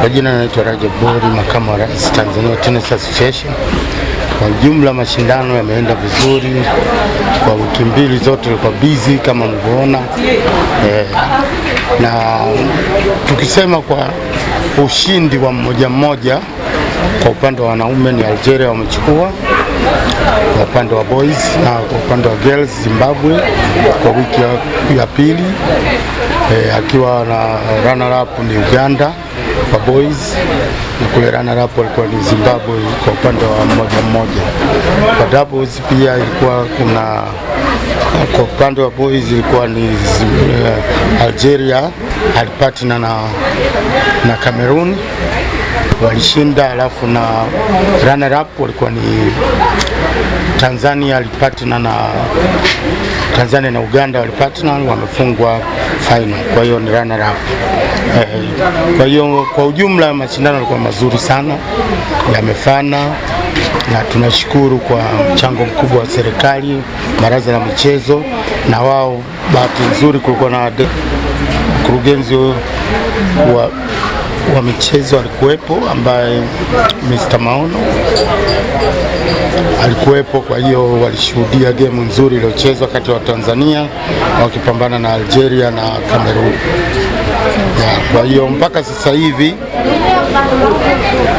Kwa jina naitwa Rajab Bori, makamu wa rais Tanzania Tennis Association. Kwa jumla mashindano yameenda vizuri, kwa wiki mbili zote kwa busy kama mlivyoona eh, na tukisema kwa ushindi wa mmoja mmoja, kwa upande wa wanaume ni Algeria wamechukua, kwa upande wa boys na kwa upande wa girls Zimbabwe kwa wiki ya, ya pili eh, akiwa na runner up ni Uganda wa boys na kule runner up walikuwa ni Zimbabwe kwa upande wa mmoja mmoja. Kwa doubles pia ilikuwa kuna kwa upande wa boys ilikuwa ni uh, Algeria alipatina na na Cameroon walishinda, alafu na runner up walikuwa ni Tanzania alipatna na Tanzania na Uganda walipatna, wamefungwa final, kwa hiyo ni runner up. Eh, kwa hiyo kwa ujumla mashindano yalikuwa mazuri sana, yamefana na tunashukuru kwa mchango mkubwa wa serikali, baraza la michezo na wao. Bahati nzuri kulikuwa na mkurugenzi wa wa michezo alikuwepo, ambaye Mr. Maono alikuwepo. Kwa hiyo walishuhudia gemu nzuri iliyochezwa kati ya tanzania wakipambana na Algeria na Kamerun. Kwa hiyo mpaka sasa hivi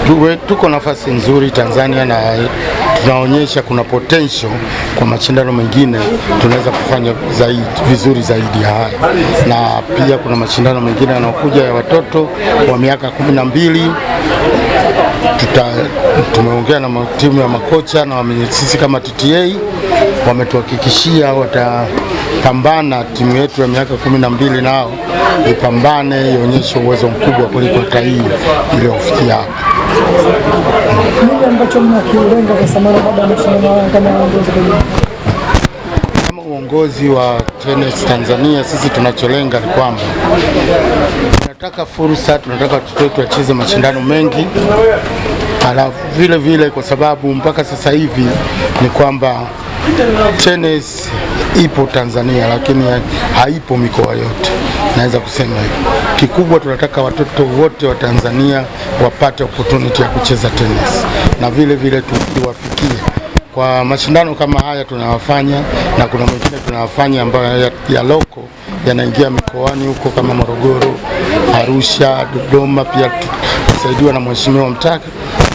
tuwe tuko nafasi nzuri Tanzania na zinaonyesha kuna potential kwa mashindano mengine tunaweza kufanya zaidi, vizuri zaidi ya haya, na pia kuna mashindano mengine yanayokuja ya watoto wa miaka kumi na mbili tuta tumeongea na timu ya makocha na wame, sisi kama TTA wametuhakikishia watapambana timu yetu ya miaka kumi na mbili nao ipambane ionyeshe uwezo mkubwa kuliko hata hii iliyofikia hapa ambacho mnakilenga baada ya mashindano haya kama uongozi kama uongozi wa TenneT Tanzania? Sisi tunacholenga ni kwamba tunataka fursa, tunataka watoto wetu wacheze mashindano mengi, alafu vile vile kwa sababu mpaka sasa hivi ni kwamba TenneT ipo Tanzania lakini haipo mikoa yote naweza kusema hivyo. Kikubwa tunataka watoto wote wa Tanzania wapate opportunity ya kucheza tenisi na vile vile tuwafikie kwa mashindano kama haya tunawafanya, na kuna mwingine tunawafanya ambayo ya, ya loko yanaingia mikoani huko kama Morogoro, Arusha, Dodoma. Pia tusaidiwa na mheshimiwa Mtaka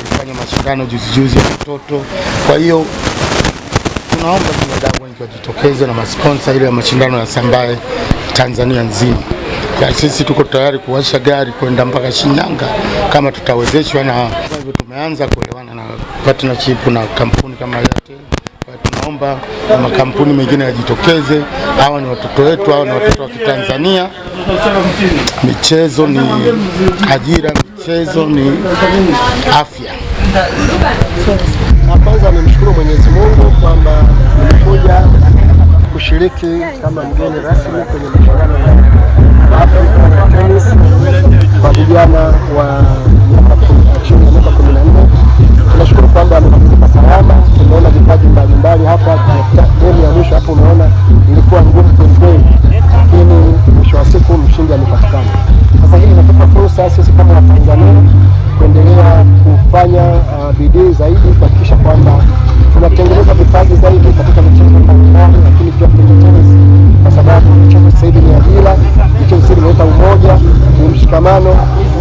kufanya mashindano juzi juzi ya watoto. Kwa hiyo tunaomba binadamu wengi wajitokeze na masponsa ile ya mashindano ya sambaye Tanzania nzima. Ya sisi tuko tayari kuwasha gari kwenda mpaka Shinyanga kama tutawezeshwa, na hivyo tumeanza kuelewana na partnership na kampuni kama yote. Tunaomba na makampuni mengine yajitokeze. Hawa ni watoto wetu, hawa ni watoto wa Kitanzania. Michezo ni ajira, michezo ni afya. Kwanza nimshukuru Mwenyezi Mungu kwamba kushiriki kama mgeni rasmi kwenye mashindano ya Afrika ya tenisi kwa vijana wa miaka chini ya miaka kumi na nne. Tunashukuru kwamba amemalizika salama. Tumeona vipaji mbalimbali hapa. Gemu ya mwisho hapo umeona ilikuwa ngumu kwelikweli, lakini mwisho wa siku mshindi amepatikana. Sasa hii inatupa fursa sisi kama Watanzania kuendelea kufanya uh, bidii zaidi kuhakikisha kwa sisi imeleta umoja mshikamano.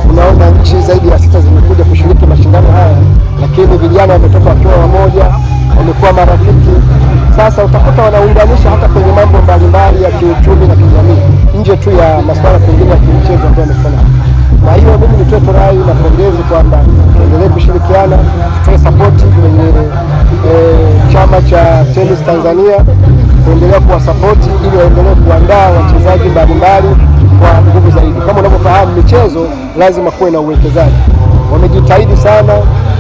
Unaona nchi zaidi ya sita zimekuja kushiriki mashindano haya, lakini vijana wametoka wakiwa wamoja, wamekuwa marafiki. Sasa utakuta wanaunganisha hata kwenye mambo mbalimbali ya kiuchumi na kijamii, nje tu ya masuala pengine ya kimchezo ambayo yamefana kwa hiyo mimi nitoe tu na pongezi kwamba tuendelee kushirikiana, tutoe sapoti kwenye eh, chama cha tenis Tanzania, kuendelea kuwasapoti ili waendelee kuandaa wachezaji mbalimbali kwa nguvu zaidi. Kama unavyofahamu, michezo lazima kuwe na uwekezaji. Wamejitahidi sana,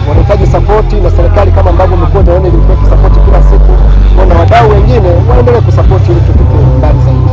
wanahitaji sapoti na serikali kama ambavyo imekuwa inaona ilikuwa ikisapoti kila siku, na wadau wengine waendelee kusapoti ili tufike mbali zaidi.